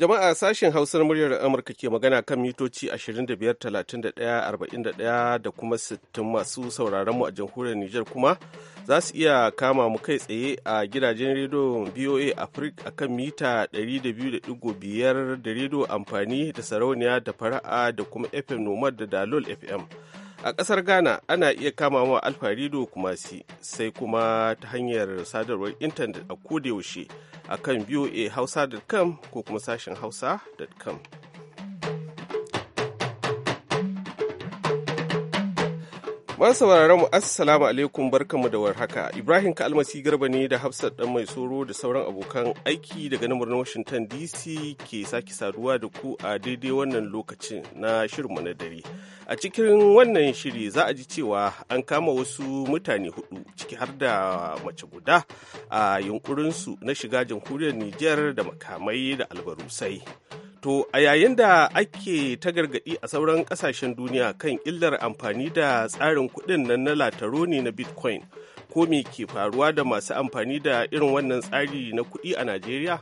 Jama'a sashen Hausar muryar Amurka ke magana kan mitoci 25,31,41 da kuma 60 masu sauraron mu a jamhuriyar Nijar kuma za su iya kama mu kai tsaye a gidajen rediyo BOA Africa a kan mita 200.5 da rediyo amfani da sarauniya da fara'a da kuma FM Nomad da Dalol FM. a ƙasar ghana ana iya kama wa alfarido kumasi sai kuma ta hanyar sadarwar intanet a kodayaushe a kan voa hausa.com ko kuma sashen hausa.com Masu sauraron mu assalamu alaikum barkanmu da warhaka. Ibrahim Kalmasi Garba ne da Hafsat dan mai soro da sauran abokan aiki daga nan birnin Washington DC ke sake saduwa da ku a daidai wannan lokacin na shirin mu na dare. A cikin wannan shiri za a ji cewa an kama wasu mutane hudu ciki har da mace guda a yunkurinsu na shiga jamhuriyar Nijar da makamai da albarusai. To a yayin da ake ta gargaɗi a sauran ƙasashen duniya kan illar amfani da tsarin kuɗin nan na ne na Bitcoin, ko me ke faruwa da masu amfani da irin wannan tsari na kuɗi a Najeriya?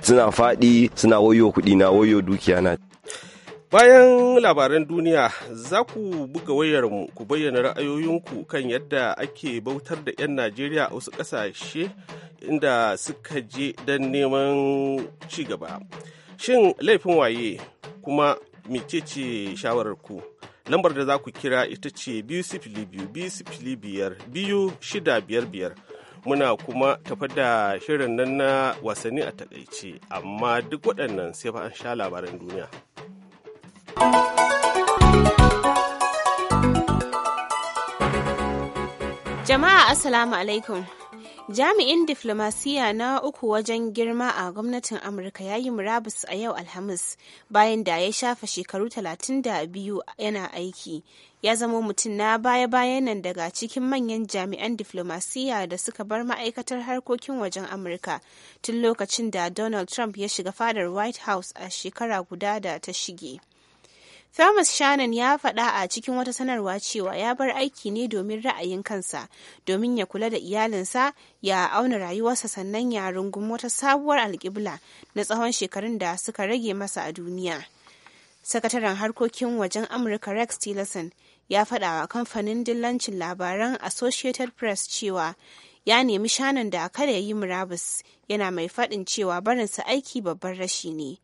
Suna faɗi, suna wayo kuɗi na wayo dukiya na. Bayan labaran duniya za ku buga wayarmu ku bayyana ra'ayoyinku kan yadda ake bautar da 'yan Najeriya a wasu ƙasashe inda suka je don neman cigaba. Shin laifin waye kuma mecece shawararku? Lambar da za ku kira ita ce biyu sifili biyu biyu sifili biyar biyu shida biyar biyar. Muna kuma tafa da shirin nan na wasanni a takaice, amma duk waɗannan sai fa an sha labaran duniya. Jama'a Assalamu alaikum. Jami'in diflomasiya na uku wajen girma a gwamnatin Amurka ya yi murabus a yau Alhamis bayan da ya shafa shekaru 32 yana aiki. Ya zamo mutum na baya-bayan nan daga cikin manyan jami'an diflomasiya da suka bar ma'aikatar harkokin wajen Amurka tun lokacin da Donald Trump ya shiga fadar White House a shekara guda da ta shige. Thomas Shannon ya faɗa a cikin wata sanarwa cewa ya bar aiki ne domin ra'ayin kansa, domin ya kula da iyalinsa, ya auna rayuwarsa sannan ya rungumi wata sabuwar alƙibla na tsawon shekarun da suka rage masa a duniya. Sakataren harkokin wajen Amurka Rex Tillerson ya faɗa wa kamfanin dillancin labaran Associated Press cewa ya nemi shanan da kada ya yi murabus yana mai faɗin cewa barinsa aiki babban rashi ne.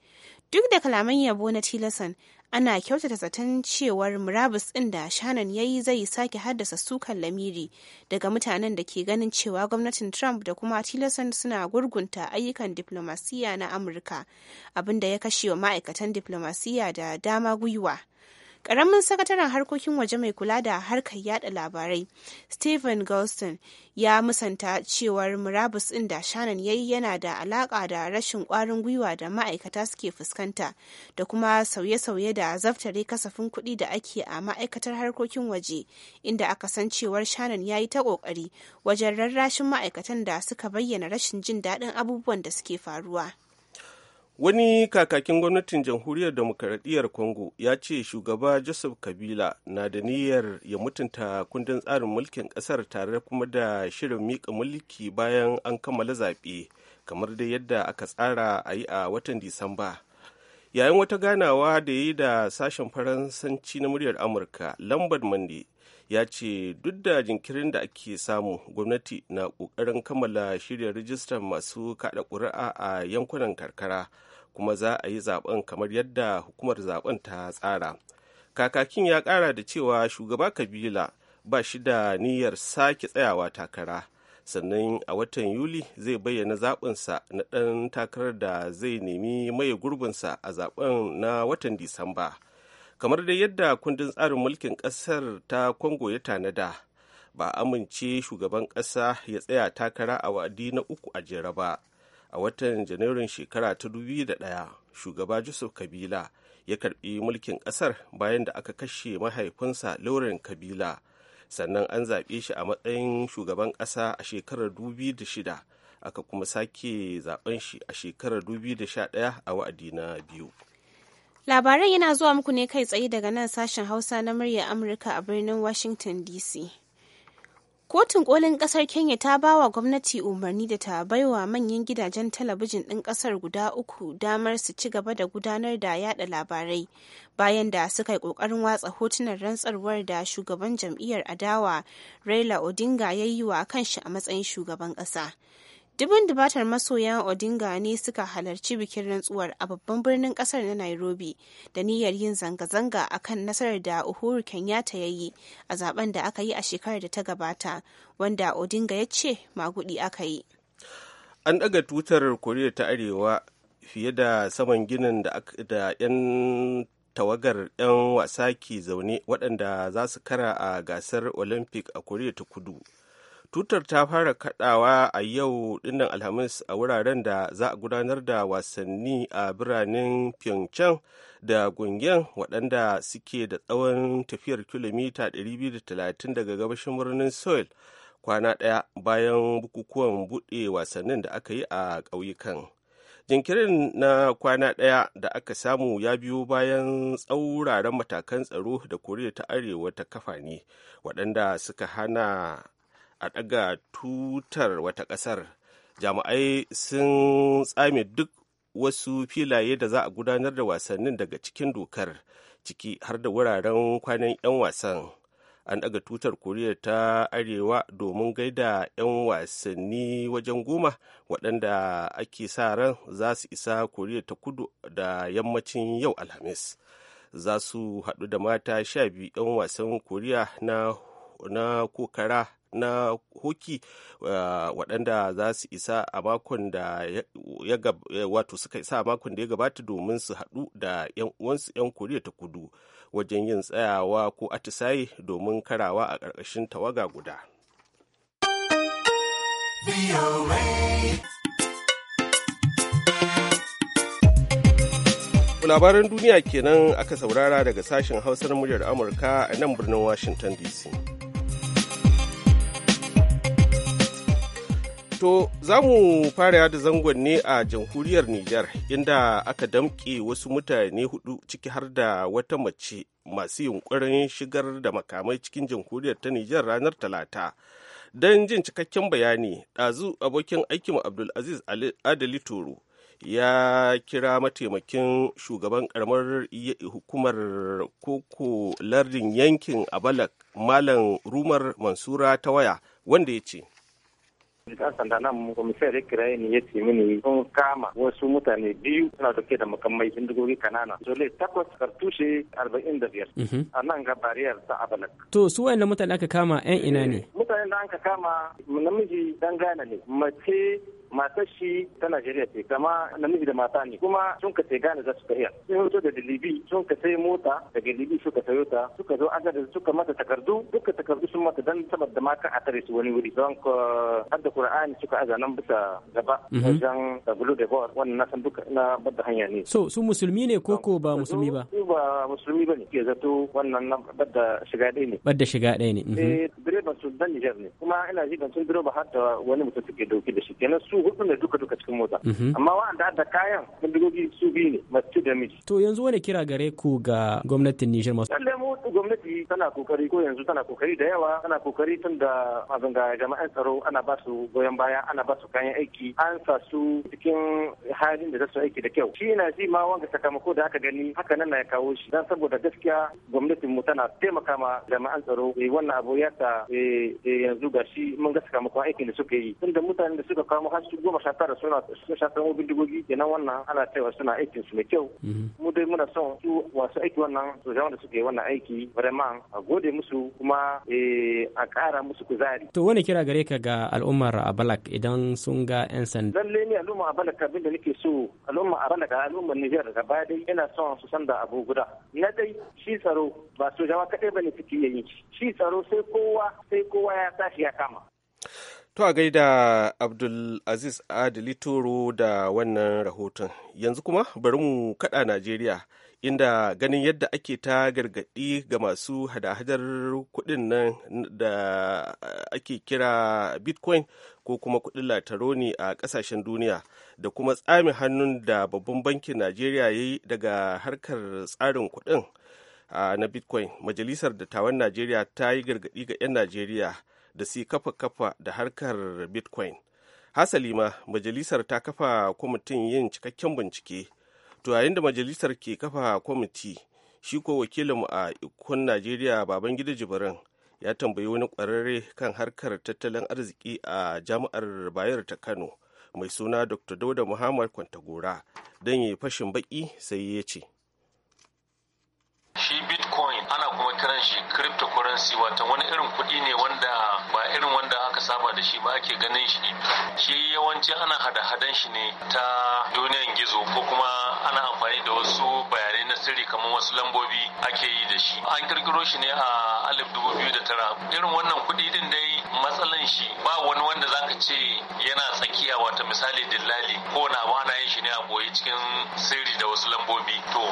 Duk da kalaman yabo na Tillerson, ana kyautata zaton cewar murabus ɗin da shannon ya yi zai sake haddasa sukan lamiri daga mutanen da ke ganin cewa gwamnatin trump da kuma tillerson suna gurgunta ayyukan diplomasiya na amurka abinda ya kashe wa ma'aikatan diplomasiya da dama gwiwa Ƙaramin sakataren harkokin waje mai kula da harkar yada labarai, Stephen Galston, ya musanta cewar murabus ɗin da Shannon yayi yana da alaƙa da rashin ƙwarin gwiwa da ma'aikata suke fuskanta da kuma sauye-sauye da zaftare kasafin kuɗi da ake a ma'aikatar harkokin waje, inda aka san cewar Shannon yayi ta ƙoƙari wajen rarrashin ma'aikatan da suka bayyana rashin jin daɗin abubuwan da suke faruwa. wani kakakin gwamnatin jamhuriyar demokaradiyyar congo ya ce shugaba joseph kabila na da niyyar ya mutunta kundin tsarin mulkin kasar tare kuma da shirin miƙa mulki bayan an kammala zaɓe kamar da yadda aka tsara a yi a watan disamba yayin wata ganawa da ya yi da sashen faransanci na muryar amurka lambert mande ya ce duk da jinkirin da ake samu gwamnati na ƙoƙarin kammala shirya rijistar masu kaɗa ƙuri'a a yankunan karkara kuma za a yi zaben kamar yadda hukumar zaben ta tsara kakakin ya kara da cewa shugaba kabila ba shi da niyyar sake tsayawa takara sannan a watan yuli zai bayyana zaɓinsa na ɗan takarar da zai nemi maye gurbinsa a zaɓen na watan disamba kamar da yadda kundin tsarin mulkin ƙasar ta kongo ya tanada ba amince shugaban ƙasa ya tsaya takara a wadi na uku a jere ba a watan janairun shekara ta daya shugaba Joseph Kabila ya karbi mulkin kasar bayan da aka kashe mahaifinsa Lauren Kabila sannan an zaɓe shi a matsayin shugaban ƙasa a shekarar shida aka kuma sake zaben shi a shekarar ɗaya a wa'adi na biyu. Labaran yana zuwa muku ne kai tsaye daga nan sashen Hausa na murya Amurka a birnin Washington DC. Kotun kolin kasar Kenya ta ba wa gwamnati umarni da ta baiwa manyan gidajen talabijin ɗin ƙasar guda uku damar su ci gaba da gudanar da yada labarai bayan da suka yi ƙoƙarin watsa hotunan rantsarwar da shugaban jam'iyyar adawa Raila Odinga ya yi wa kanshi a matsayin shugaban ƙasa. Dubin dubatar masoyan Odinga ne suka halarci bikin rantsuwar a babban birnin kasar na Nairobi da niyyar yin zanga-zanga a kan nasarar da Uhuru Kenyatta ya yi a zaben da aka yi a shekarar da ta gabata, wanda Odinga ya ce magudi aka yi. An ɗaga tutar Koriya ta Arewa fiye da saman ginin da 'yan tawagar 'yan wasa ke zaune waɗanda za su kara a gasar Olympic a Koriya ta Kudu. tutar ta fara kadawa a yau dinnan alhamis a wuraren da za a gudanar da wasanni a biranen pyeongchang da gungen waɗanda suke da tsawon tafiyar kilomita 230 daga gabashin birnin seoul kwana ɗaya bayan bukukuwan buɗe wasannin da aka yi a ƙauyukan jinkirin na kwana ɗaya da aka samu ya biyo bayan tsauraran matakan tsaro da koriya ta arewa ta kafa ne waɗanda suka hana a ɗaga tutar wata ƙasar jami'ai sun tsame duk wasu filaye da za a gudanar da wasannin daga cikin dokar ciki har da wuraren kwanan 'yan wasan an ɗaga tutar koriya ta arewa domin gaida 'yan wasanni wajen goma waɗanda ake sa ran za su isa koriya ta kudu da yammacin yau alhamis za su haɗu da mata sha biyu 'yan wasan koriya na kokara na hoki ah, waɗanda za su isa a makon da ya eh, wato suka isa a makon da ya gabata domin su haɗu da wansu 'yan koriya ta kudu wajen yin tsayawa ko atisaye domin karawa a ƙarƙashin tawaga guda. labaran duniya kenan aka saurara daga sashen hausar muryar amurka a nan birnin washington dc To za mu fara yadda zangon ne a jamhuriyar Nijar inda aka damƙe wasu mutane hudu ciki har da wata mace masu yunkurin shigar da makamai cikin jamhuriyar ta Nijar ranar Talata. Don jin cikakken bayani, ɗazu abokin aikin abdul aziz Adali Toro ya kira mataimakin shugaban karamar hukumar koko lardin yankin abalak malam rumar mansura ta waya wanda ya ce Dan sanda nan misali ya kira ni ya ce mini sun kama wasu mutane biyu suna dauke da makamai bindigogi kanana. Zole takwas kartushe arba'in da biyar. Mhm. A nan ga bariyar ta abalak. To su wayan mutane aka kama 'yan ina ne? Eh, mutane da aka kama namiji dan ne. Mace matar shi ta Najeriya ce kama namiji da mata ne kuma sun ka sai gane za su kariya sun fito da Libi sun ka sai mota daga Libi suka sayo ta suka zo an da suka mata takardu duka takardu sun mata dan saboda mata a tare su wani wuri don ka hadda Qur'ani suka aza nan bisa gaba mhm. wajen Tablu da Bawar wannan na san duka na bada hanya ne so su musulmi ne ko ko ba musulmi ba ba musulmi ne ke zato wannan na bada shiga ɗaya ne bada shiga ɗaya ne mhm. eh, direban su dan Niger ne kuma ina ji ban sun ba har da wani mutum suke dauke da shi kenan su hudu ne duka duka cikin mota mhm. amma wa'anda da kayan bindigogi su biyu ne masu da miji to yanzu wani kira gare ku ga gwamnatin Niger masu lalle mu gwamnati tana kokari ko yanzu tana kokari da yawa tana kokari tun da abin jama'an tsaro ana ba su goyon baya ana ba su kayan aiki an sa su cikin halin da za su aiki da kyau shi na ji ma wanga sakamako da aka gani haka nan na ya kawo shi dan saboda gaskiya gwamnatin mu tana taimaka ma jama'an tsaro eh, wannan abu ya eh, eh yanzu ga shi mun ga sakamakon aikin da suka yi tun da mutanen da suka kawo har su goma sha tara suna sha tara bindigogi kenan wannan ana cewa suna aikin su mai kyau mm-hmm. mu dai muna son su wasu aiki wannan su da suke wannan aiki vraiment a gode musu kuma eh, a kara musu kuzari. To wani kira gare ka ga al'ummar Abalak idan sun ga 'yan sanda? Lalle ni al'ummar Abalak abin da nake so al'ummar Abalak al'ummar Nijar gaba dai yana son su san da abu guda. Na dai shi tsaro ba su jama kaɗai ba ne suke yin shi tsaro sai kowa sai kowa ya tashi ya kama. To a gaida Abdulaziz Adili Toro da wannan rahoton. Yanzu kuma bari mu kaɗa Najeriya. inda ganin yadda ake ta gargaɗi ga masu hada-hadar kuɗin nan da ake kira bitcoin ko kuma kuɗin lataroni a ƙasashen duniya da kuma tsamin hannun da babban bankin najeriya ya yi daga harkar tsarin kuɗin na bitcoin majalisar dattawan najeriya ta yi gargaɗi ga 'yan najeriya da su kafa-kafa da harkar bitcoin hasali ma majalisar ta kafa kwamitin yin cikakken bincike to yayin da majalisar ke kafa kwamiti shi ko wakilinmu a ikon najeriya babangida jibirin ya tambayi wani ƙwararre kan harkar tattalin arziki a jami'ar bayar ta kano mai suna dr dauda muhammad kwantagora don yi fashin baki sai ya ce kiran shi cryptocurrency wato wani irin kuɗi ne wanda ba irin wanda aka saba da shi ba ake ganin shi shi yawanci ana hada-hadan shi ne ta duniyan gizo ko kuma ana amfani da wasu bayanai sirri kamar wasu lambobi ake yi da shi an kirkiro shi ne a alif dubu biyu da tara irin wannan kuɗi din dai matsalan shi ba wani wanda za ka ce yana tsakiya wata misali dillali ko na ana yin shi ne a boye cikin sirri da wasu lambobi to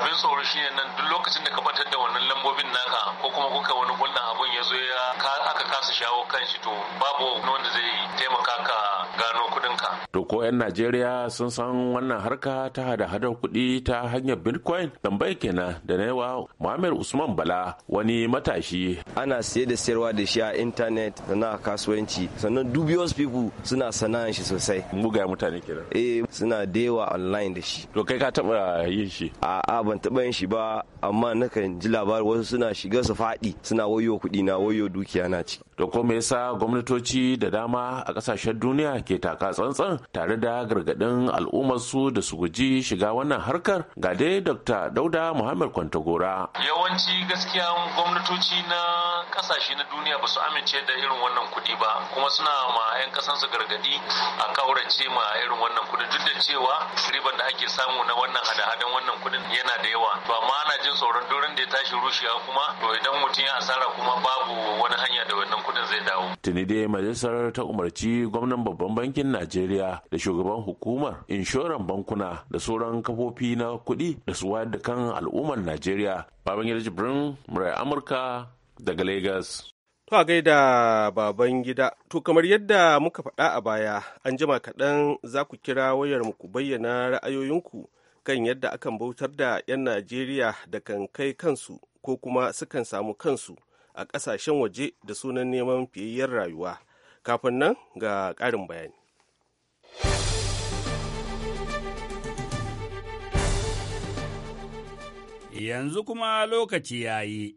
abin tsoro shi ne nan duk lokacin da ka batar da wannan lambobin naka ko kuma kuka wani gulɗan abun ya zo ya aka kasa shawo kan shi to babu wanda zai taimaka ka gano kuɗinka. To ko 'yan Najeriya sun san wannan harka ta hada-hadar kuɗi ta hanyar Bitcoin Wannan tambaya kenan da na yawa Muhammad Usman Bala wani matashi. Ana siye da sayarwa da shi a intanet na kasuwanci sannan dubious people suna sana'an shi sosai. Muga mutane kenan. Eh suna da yawa online da shi. To kai ka taba yin shi? A'a ban taba yin shi ba amma nakan ji labarin wasu suna shiga su faɗi suna wayo kuɗi na wayo dukiya na ci. To ko me yasa gwamnatoci da dama a kasashen duniya ke taka tsantsan tare da gargaɗin al'ummar su da su guji shiga wannan harkar ga dai Dr. Dauda Muhammad Kwantagora. Yawanci gaskiya gwamnatoci na kasashe na duniya ba su amince da irin wannan kuɗi ba kuma suna ma 'yan kasansu gargaɗi a kaurace ma irin wannan kuɗin duk da cewa riban da ake samu na wannan hada-hadan wannan kuɗin yana da yawa to amma ana jin tsoron doron da ya tashi rushewa kuma to idan mutum ya asara kuma babu wani hanya da wannan kuɗin zai dawo. tuni dai majalisar ta umarci gwamnan babban bankin najeriya da shugaban hukumar inshoran bankuna da sauran kafofi na kuɗi da su wayar da kan al'ummar najeriya babangida jibrin murai amurka daga Lagos. To a gaida baban gida, to kamar yadda muka faɗa a baya, an jima kaɗan za ku kira wayar ku bayyana ra'ayoyinku kan yadda akan bautar da 'yan Najeriya da kan kai kansu ko kuma sukan samu kansu a ƙasashen waje da sunan neman fiyayyar rayuwa. Kafin nan ga ƙarin bayani. Yanzu kuma lokaci ya yi.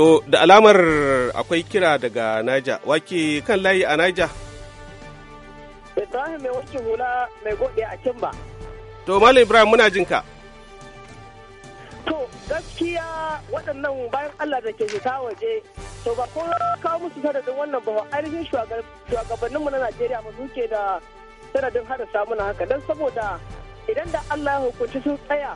To da alamar akwai kira daga Naja, wake kan layi a Naja? Ibrahim mai wanke hula mai gode a Kimba. To Malam Ibrahim muna jin ka. To gaskiya waɗannan bayan Allah da ke fita waje to ba ko kawo musu sanadin wannan ba ainihin shugabanninmu na Najeriya ba su ke da sanadin hada samuna haka don saboda idan da Allah ya hukunci sun tsaya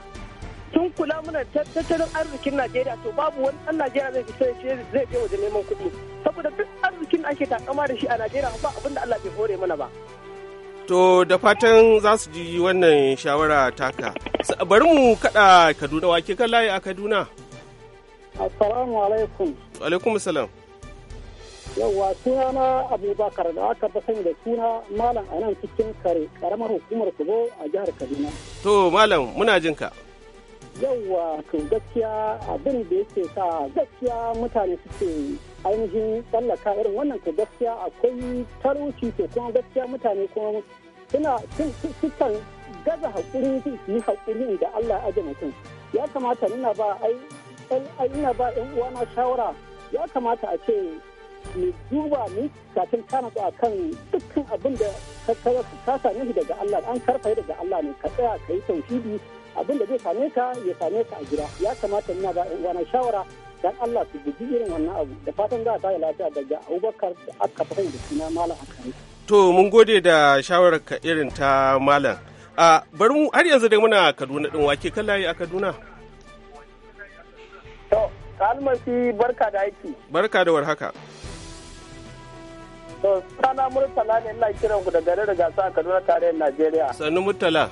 sun kula mana tattalin arzikin Najeriya to babu wani ɗan Najeriya zai fito ya zai je waje neman kuɗi saboda duk arzikin da ake takama da shi a Najeriya ba abin da Allah bai hore mana ba. To da fatan za su ji wannan shawara taka. Bari mu kaɗa Kaduna wake kan layi a Kaduna. Assalamu alaikum. Alaikum salam. Yawwa suna na Abubakar da aka fi sani da suna Malam a nan cikin kare ƙaramar hukumar Kubo a jihar Kaduna. To Malam muna jinka ka. yauwa to gaskiya abin da yake sa gaskiya mutane suke ainihin tsallaka irin wannan to gaskiya akwai taruci to kuma gaskiya mutane kuma suna sukan gaza haƙuri su yi haƙuri da Allah ajiye mutum ya kamata ina ba ai ina ba uwana shawara ya kamata a ce mu duba ni kafin ka na a kan dukkan abin da ka kasa daga Allah an karfa daga Allah ne ka tsaya ka yi tauhidi abin da zai same ka ya same ka a gida ya kamata ina ba yan uwana shawara dan Allah su guji irin wannan abu da fatan za a ta lafiya daga Abubakar da aka fahimta da suna malam Akari to mun gode da shawararka irin ta malam a bari mu har yanzu dai muna Kaduna din wake kallaye a Kaduna to kalmasi barka da aiki barka da warhaka to sana murtala ne ina kiran ku da garin gasa a Kaduna tarayyar Najeriya sannu murtala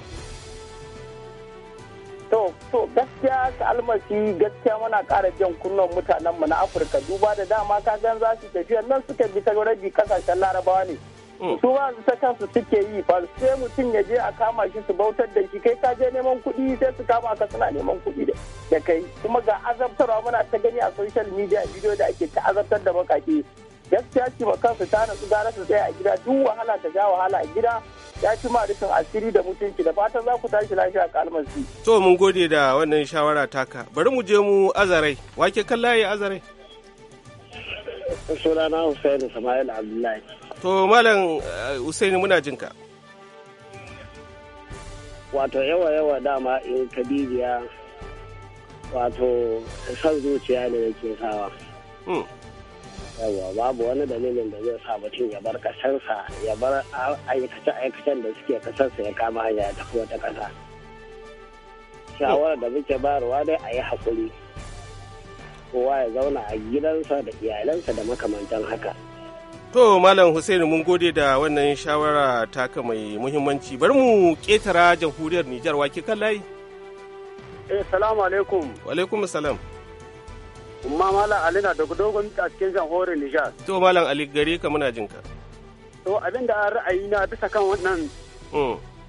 To, so gaskiya ka almasi gaskiya muna ƙara jan kunnan mutanen mu na Afirka duba da dama ka gan za su tafiya nan suka bi ta rabi kasashen larabawa ne. Hmm. Su ba su ta kansu suke yi ba sai mutum ya je a kama shi su bautar da shi kai ka je neman kuɗi sai su kama ka suna neman kuɗi da kai kuma ga azabtarwa muna ta gani a social media video da ake ta azabtar da bakake gaskiya ce ma kansu ta nasu gara su tsaya a gida duk wahala ta ja wahala a gida ya ci ma rufin asiri da mutunci da fatan za ku tashi lafiya kalmasi. To mun gode da wannan shawara taka. Bari mu je mu azarai. Wake kan layi azarai. Sunana Hussein Samuel Abdullahi. To Malam eh, Hussein muna jinka. Wato yawa yawa dama in kadijiya wato san zuciya ne yake sawa. Hmm. yawa babu wani dalilin da zai sa mutum ya bar kasarsa ya bar aikace-aikacen da suke kasarsa ya kama hanya ya tafi wata kasa shawarar da muke bayarwa dai a yi haƙuri kowa ya zauna a gidansa da iyalansa da makamantan haka To Malam Hussein mun gode da wannan shawara taka mai muhimmanci. Bari mu ketara jamhuriyar Nijar wake kan Eh salamu alaikum. Wa alaikum salam. Umma Malam Ali na da dogon a cikin jamhuriyar Nijar. To Malam Ali gare ka muna jinka. To abin da ra'ayi na bisa kan wannan.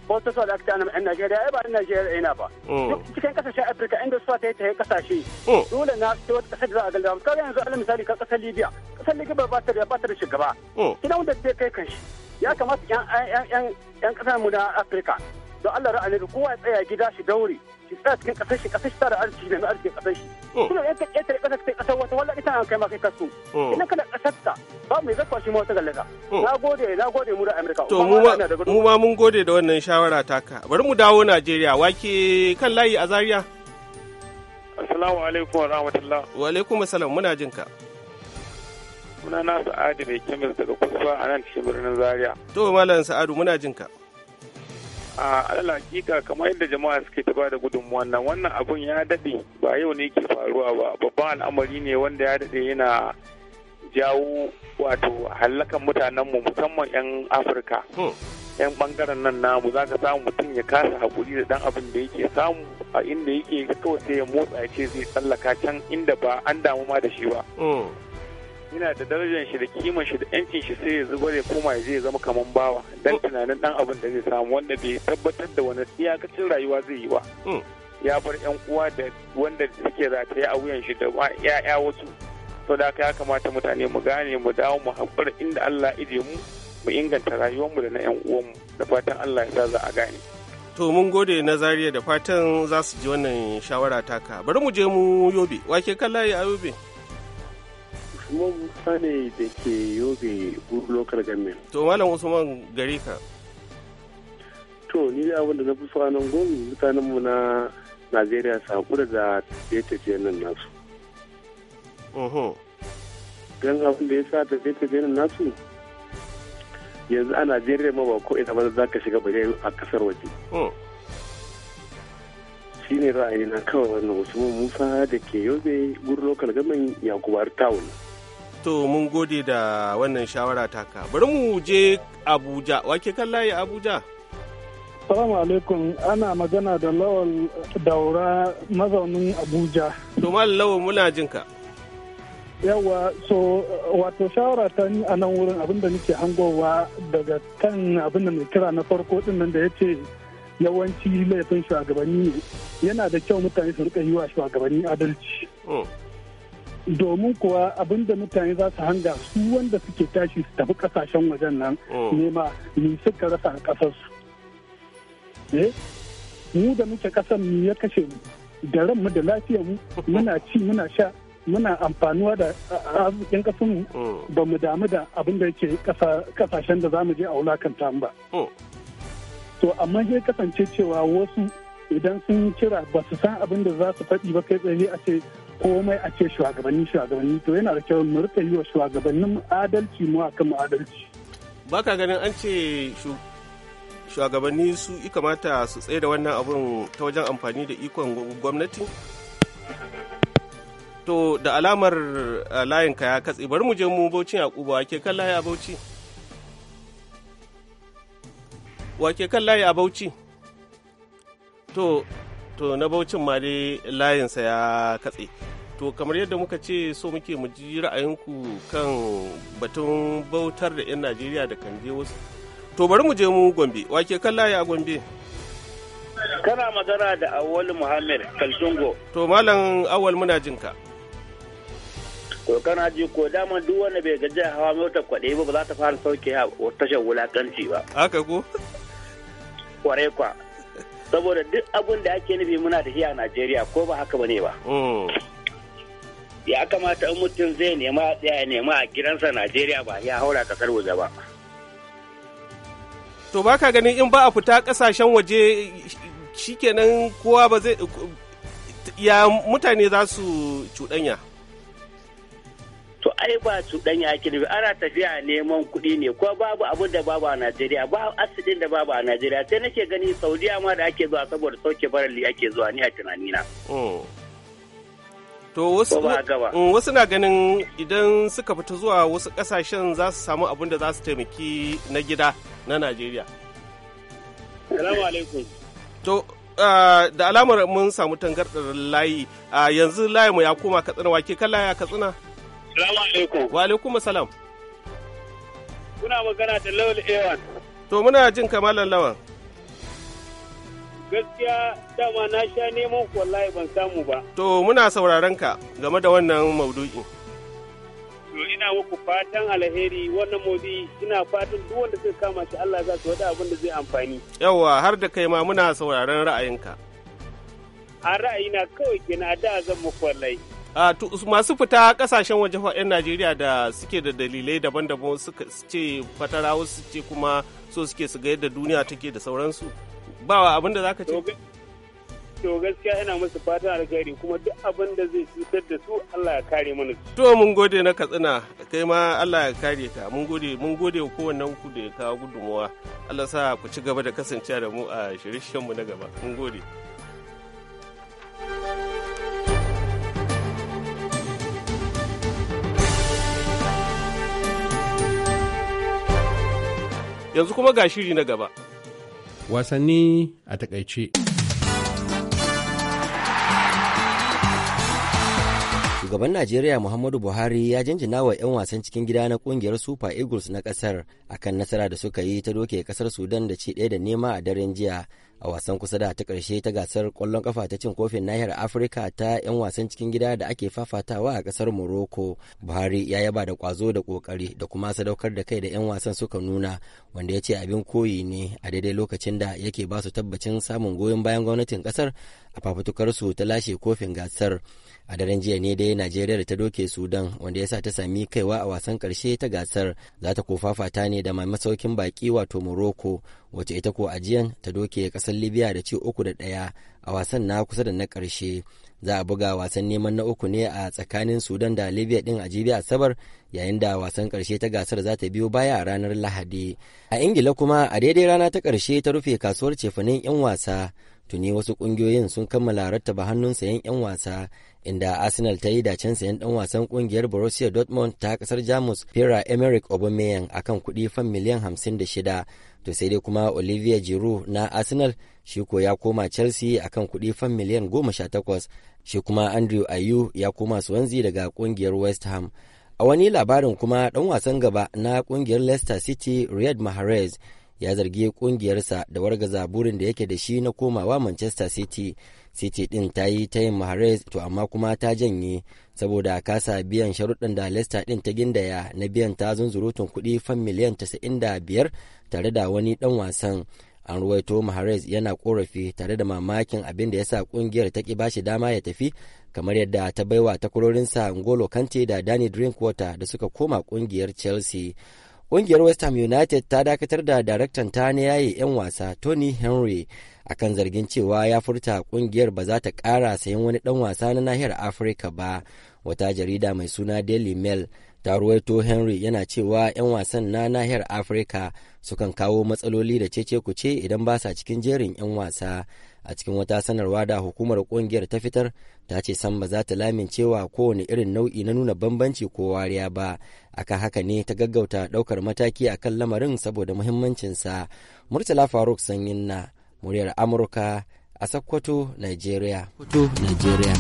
Bauta su da aka yan Najeriya, ai ba yan Najeriya ina ba. Mm. Duk cikin kasashen Afirka inda su ta yi ta yi kasashe. Mm. Dole na ta wata kasar da za a galiba. Kawai yanzu alal misali kan kasar Libya. Kasar Libya ba ta da ba ta da shugaba. Mm. Kina wanda ta kai kanshi. Ya kamata yan kasar mu na Afirka. Don Allah ra'ayi kowa ya tsaya gida shi daure. tsaya mu bari mu dawo Najeriya wake kan a muna ka na Sa'adu mai kemis daga kusurwa a nan cikin birnin Zaria. To Malam Sa'adu muna jinka. ka. a alal hakika kamar yadda jama'a suke ta da gudunmuwan nan wannan abun ya daɗe ba yau ne ke faruwa ba babban al'amari ne wanda ya daɗe yana jawo wato hallakan mutanenmu musamman 'yan afirka 'yan bangaren nan namu za ka samu mutum ya kasa hakuri da dan abin da yake samu a inda yake kawai sai ya motsa ya ce zai tsallaka can inda ba an damu ma da shi ba yana da darajar shi da kimar shi da yancin shi sai ya zubar ya koma ya je ya zama kaman bawa dan tunanin dan abin da zai samu wanda bai tabbatar da wani iyakacin rayuwa zai yi ba hmm. ya bar yan uwa da wanda suke rataye a wuyan shi da ya'ya wasu to da ya kamata mutane mu gane mu dawo mu haƙura inda Allah ije mu mu inganta rayuwarmu da na yan mu da fatan Allah ya sa za a gane to mun gode na zariya da fatan za su ji wannan shawara taka bari mu je mu yobe wake kallaye layi a yobe Usman Musa ne da ke yobe guru local government. To Malam Usman gari ka. To ni da abin da na fi a nan gun mutanenmu na Najeriya sakura da tafiye-tafiye nan nasu. Mhm. Don abin da ya sa tafiye-tafiye nan nasu yanzu a Najeriya ma ba ko ina ba za ka shiga bare a kasar waje. Mm. shi ne na kawai wannan usman musa da ke yobe gur local gaman yakubar town to mun gode da wannan shawara taka bari mu je abuja wake kan layi abuja salamu alaikum ana magana da lawal daura mazaunin abuja to lawal muna jinka yawa so wato shawara ta ni a nan wurin abinda nake hangowa daga kan abinda mai kira na farko din nan da ya ce yawanci laifin shugabanni ne yana da kyau mutane su rika yi wa shugabanni adalci hmm. domin kuwa abinda mutane za su hanga su wanda suke tashi su tafi kasashen wajen nan oh. nema ni suka rasa a kasarsu eh? mu da muke kasar mu ya kashe mu da ranmu da lafiyar mu muna ci muna sha muna amfanuwa da arzikin kasar mu oh. ba mu damu da abinda da yake kasashen da zamu je a wulakanta ba oh. to amma zai kasance cewa wasu idan sun kira ba su san abin da za su faɗi ba kai tsaye a ce komai a ce shugabanni shugabanni to yana da kyau mu rika yi wa shugabannin adalci mu akan mu adalci baka ganin an ce shugabanni su i kamata su tsaye da wannan abun ta wajen amfani da ikon gwamnati to da alamar ka ya katse bari mu je mu baucin yakubu ke kan layi a bauchi wake kan layi a bauchi to to na baucin ma dai layinsa ya katse to kamar yadda muka ce so muke mu ji ra'ayinku kan batun bautar da 'yan najeriya da kan je wasu to bari mu je mu gombe wake kan layi a gombe kana magana da awal muhammad kaltungo to malam awal muna jinka ko kana ji ko dama duk wanda bai gaji hawa mota kwaɗe ba ba za ta fara sauke tashar wulakanci ba haka ko kwarai kwa saboda duk abin da ake nufi muna da shi a najeriya ko ba haka ba ne oh. ba ya kamata in mutum zai nema ya nema a gidansa najeriya ba ya haura kasar waje ba to ba ka ganin in ba a fita kasashen waje shikenan kowa ba zai ya mutane za su cuɗanya ai ba cuɗan ake ne ana tafiya neman kuɗi ne ko babu abin da babu a Najeriya ba asidin da babu a Najeriya sai nake gani Saudiya ma da ake zuwa saboda sauke barali ake zuwa ni a tunanina. Oh. To wasu, mm, wasu na ganin idan suka fita zuwa wasu kasashen za su samu abin da za su taimaki na gida na Najeriya. Salamu alaikum. To da alamar mun samu tangardar layi yanzu mu ya koma katsina wake kan laya katsina? Salamu alaikum. Wa alaikum salam. Kuna magana da Lawal Ewan. To muna jin kamalan lawan. Gaskiya dama na sha neman wallahi ban samu ba. To muna sauraron ka game da wannan maudu'i. To ina muku fatan alheri wannan maudu'i ina fatan duk wanda zai kama shi Allah za su wada abin da zai amfani. Yawwa har da kai ma muna sauraron ra'ayinka. A ra'ayina kawai kenan a da zan muku wallahi. Ah, masu fita kasashen waje faɗin najeriya da suke da dalilai daban-daban suka ce fatara wasu ce kuma so suke su ga yadda duniya take da sauransu ba abin da za ka ce to gaskiya ina musu fatan alkhairi kuma duk abin da zai cutar da su Allah ya kare mana to mun gode na katsina kai ma Allah ya kare ka mun gode mun gode wa kowannen ku da ya kawo gudunmawa Allah sa ku ci gaba da kasancewa da mu a shirye mu na gaba mun gode Yanzu kuma ga shiri na gaba. Wasanni a takaice. Shugaban Najeriya Muhammadu Buhari ya jinjina wa 'yan wasan cikin gida na kungiyar Super Eagles na kasar akan nasara da suka yi ta doke kasar Sudan da ci ɗaya da nema a daren jiya a wasan kusa da ta karshe ta gasar kwallon kafa ta cin kofin nahiyar afirka ta 'yan wasan cikin gida da ake fafatawa a ƙasar morocco buhari ya yaba da ƙwazo da ƙoƙari da kuma sadaukar da kai da 'yan wasan suka nuna wanda ya ce abin koyi ne a daidai lokacin da yake ba su tabbacin samun goyon bayan gwamnatin ƙasar a fafutukarsu ta lashe kofin gasar a daren jiya ne dai najeriya da ta doke sudan wanda ya sa ta sami kaiwa a wasan karshe ta gasar za ta ko fafata ne da mai masaukin baki wato morocco wacce ita ko ajiyan ta doke kasar libya da ci uku da daya a wasan na kusa da na karshe za a buga wasan neman na uku ne a tsakanin sudan da libya din a jibi asabar yayin da wasan karshe ta gasar za ta biyo baya a ranar lahadi a ingila kuma a daidai rana ta karshe ta rufe kasuwar cefanen 'yan wasa tuni wasu kungiyoyin sun kammala rattaba hannun sayan 'yan wasa inda Arsenal ta yi dacen sayan dan wasan ƙungiyar Borussia Dortmund ta ƙasar Jamus Pierre Emerick Aubameyang akan kuɗi fan miliyan 56 to sai dai kuma Olivier Giroud na Arsenal shi ko ya koma Chelsea akan kuɗi fan miliyan 18 shi kuma Andrew Ayew ya koma Swansea daga ƙungiyar West Ham a wani labarin kuma ɗan wasan gaba na ƙungiyar Leicester City Riyad Mahrez ya zargi ƙungiyarsa da wargaza burin da yake da shi na komawa Manchester City city din ta yi ta yin mahrez to amma kuma ta janye saboda kasa biyan sharuɗin da leicester din ta gindaya na biyan ta zunzurutun kuɗi fan miliyan biyar tare da wani ɗan wasan an ruwaito mahrez yana korafi tare da mamakin abin da ya sa kungiyar ta ki bashi dama ya tafi kamar yadda ta baiwa takwarorinsa ngolo kante da danny drinkwater da suka koma kungiyar chelsea ƙungiyar west ham united ta dakatar da daraktan ta na yayi 'yan wasa tony henry akan zargin cewa ya furta kungiyar ba za ta kara sayan wani ɗan wasa na nahiyar afirka ba wata jarida mai suna daily mail ta ruwaito henry yana cewa 'yan wasan na nahiyar afirka sukan kawo matsaloli da cece kuce idan ba sa cikin jerin 'yan wasa a cikin wata sanarwa da hukumar kungiyar ta fitar ta ce san ba za ta lamincewa kowane irin nau'i na nuna bambanci ko wariya ba aka haka ne ta gaggauta daukar mataki akan lamarin saboda muhimmancinsa murtala faruk sanyin na muryar amurka a sokoto nigeria nigeria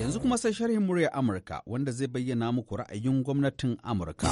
yanzu kuma sai sharhin muryar amurka wanda zai bayyana muku ra'ayin gwamnatin amurka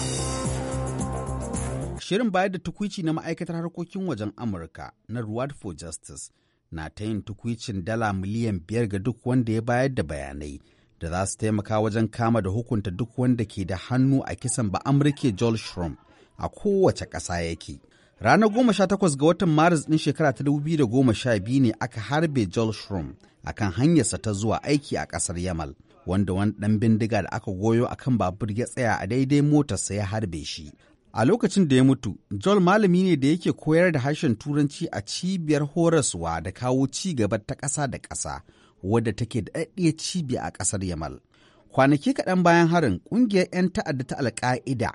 shirin bayar da tukwici na ma'aikatar harkokin wajen amurka na reward for justice na ta yin tukwicin dala miliyan biyar ga duk wanda ya bayar da bayanai da za su taimaka wajen kama da hukunta duk wanda ke da hannu a kisan ba amurke joel shrum a kowace ƙasa yake. Ranar goma sha takwas ga watan Maris ɗin shekara ta dubu da goma sha biyu ne aka harbe Joel Shrum a kan hanyarsa ta zuwa aiki a ƙasar Yamal, wanda wani ɗan bindiga da aka goyo a kan babur ya tsaya a daidai motarsa ya harbe shi. A lokacin da ya mutu, Joel malami ne da yake koyar da harshen Turanci a cibiyar horaswa da kawo ci gaba ta ƙasa da ƙasa, wadda take da ɗaɗɗiyar cibiya a ƙasar Yamal. Kwanaki kaɗan bayan harin, ƙungiyar 'yan ta'adda ta Alƙa'ida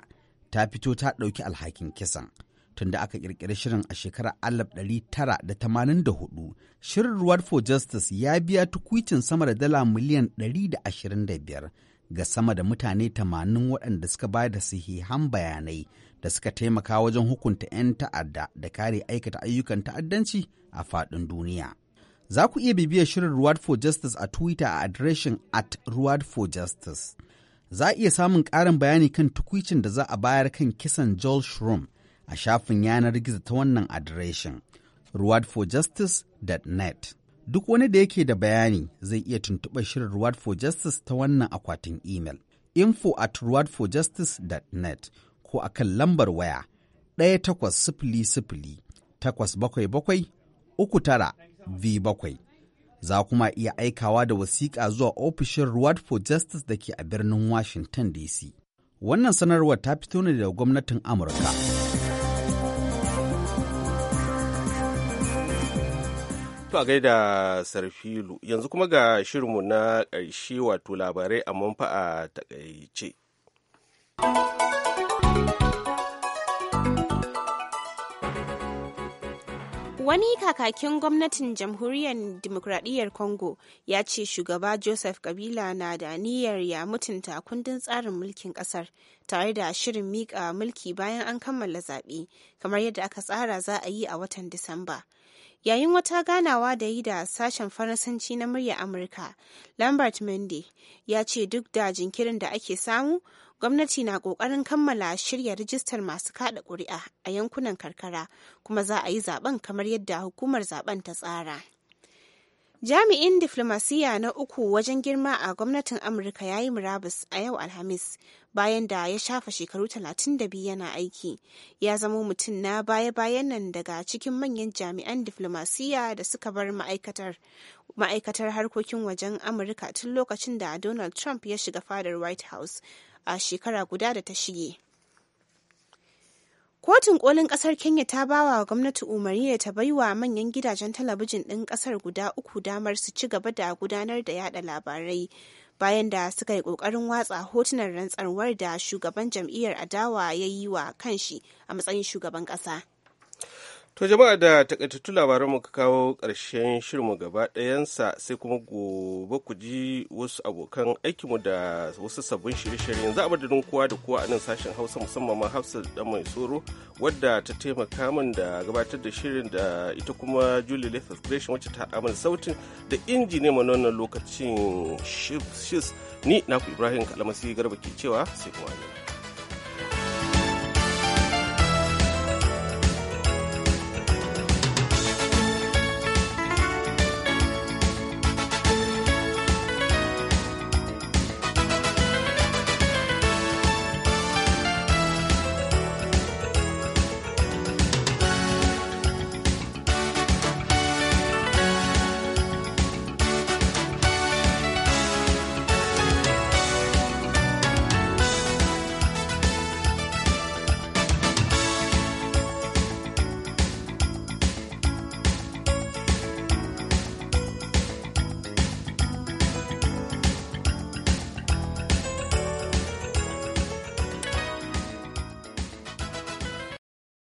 ta fito ta ɗauki alhakin kisan. Tunda aka ƙirƙiri shirin a shekarar 1984, shirin Reward for Justice ya biya tukwicin sama da dala miliyan 125 ga sama da mutane 80 waɗanda suka bayar da sahihan bayanai da suka taimaka wajen hukunta 'yan ta'adda da kare aikata ayyukan ta'addanci a faɗin duniya. Za ku iya bibiyar shirin Reward for Justice a Twitter a adireshin at Reward for Justice. Za a iya samun ƙarin bayani kan tukwicin da za a bayar kan kisan Joel Shroom a shafin yanar gizo ta wannan adireshin rewardforjustice.net Duk wani da yake da bayani zai iya tuntuɓar shirin Ruwad for Justice ta wannan akwatin imel info at rewardforjustice.net ko a kan lambar waya ɗaya takwas sifili sifili takwas bakwai bakwai uku tara v bakwai. za kuma iya aikawa da wasiƙa zuwa ofishin Reward for Justice da ke a birnin Washington DC. Wannan sanarwar ta fito ne daga gwamnatin Amurka. To gaida Sarfilu, yanzu kuma ga shirinmu na ƙarshe wato labarai a manfa a takaice. Wani kakakin gwamnatin jamhuriyar demokradiyyar Congo ya ce shugaba Joseph Kabila na da niyyar ya mutunta kundin tsarin mulkin kasar tare da shirin miƙa mulki bayan an kammala zaɓe kamar yadda aka tsara za a yi a watan Disamba. Yayin wata ganawa da yi da sashen Faransanci na murya Amurka, Lambert Mende ya ce duk da jinkirin da ake samu, gwamnati na kokarin kammala shirya rijistar masu kada kuri'a a yankunan karkara kuma za a yi zaben kamar yadda hukumar zaben ta tsara. Jami'in diflomasiyya na uku wajen girma a gwamnatin Amurka ya yi murabus a yau Alhamis bayan da ya shafa shekaru 32 yana aiki. Ya zama mutum na baya-bayan nan daga cikin manyan jami'an diflomasiyya da suka bar ma'aikatar ma'aikatar harkokin wajen Amurka tun lokacin da Donald Trump ya shiga fadar White House a shekara guda da ta shige. Kotun kolin ƙasar Kenya ta ba wa gwamnati umarni da ta bai wa manyan gidajen talabijin ɗin ƙasar guda uku damar su ci gaba da gudanar da yada labarai bayan da suka yi ƙoƙarin watsa hotunan rantsarwar da shugaban jam'iyyar adawa ya yi wa kanshi a matsayin shugaban ƙasa. To jama'a da takaitattun labaran ka kawo ƙarshen shirinmu gaba ɗayansa sai kuma gobe ku ji wasu abokan aikinmu da wasu sabbin shirye-shiryen za a madadin kowa da kowa a nan sashen Hausa musamman ma Hafsa da mai tsoro wadda ta taimaka min da gabatar da shirin da ita kuma Julie Lethal Gresham wacce ta haɗa sautin da injiniya mu wannan lokacin shis ni naku Ibrahim Kalamasi Garba ke cewa sai kuma